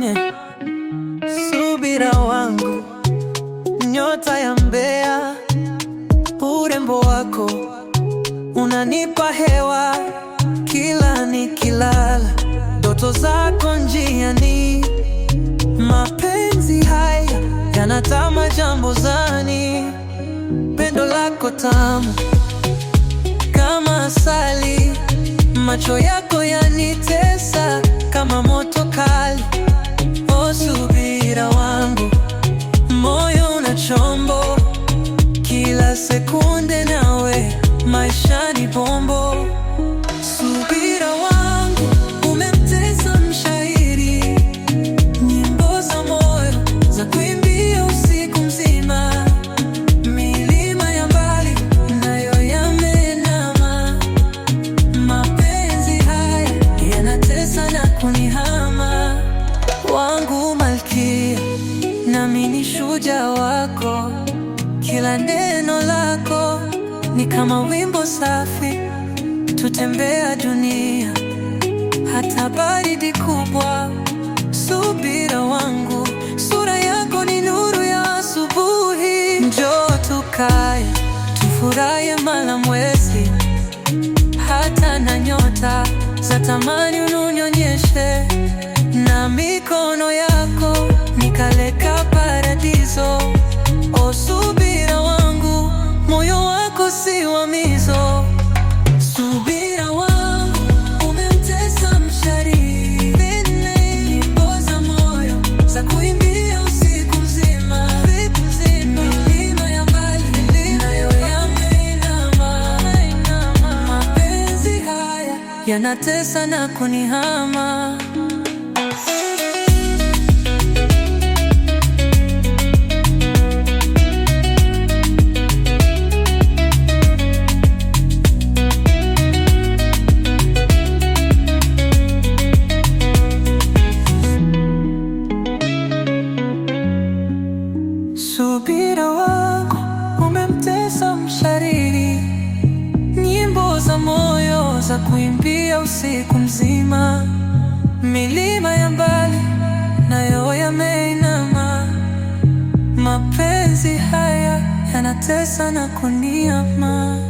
nione subira wangu, nyota ya Mbeya, urembo wako unanipa hewa kila nikilala, ndoto zako njiani, mapenzi haya yanatama jambozani, pendo lako tamu kama asali, macho yako sekunde nawe, maisha ni bombo. Subira wangu umemtesa mshairi, nyimbo za moyo za kuimbia usiku mzima, milima ya mbali nayo yamenama, mapenzi haya yanatesa na kunihama. Wangu malkia, nami ni shujaa wako kila neno lako ni kama wimbo safi, tutembea dunia hata baridi kubwa. Subira wangu, sura yako ni nuru ya asubuhi. Njoo tukae, tufurahie mala mwezi, hata na nyota za tamani ununyonyeshe na mikono ya yanatesa na kunihama za kuimbia usiku mzima, milima ya mbali nayo yameinama. Mapenzi haya yanatesa na kuniama.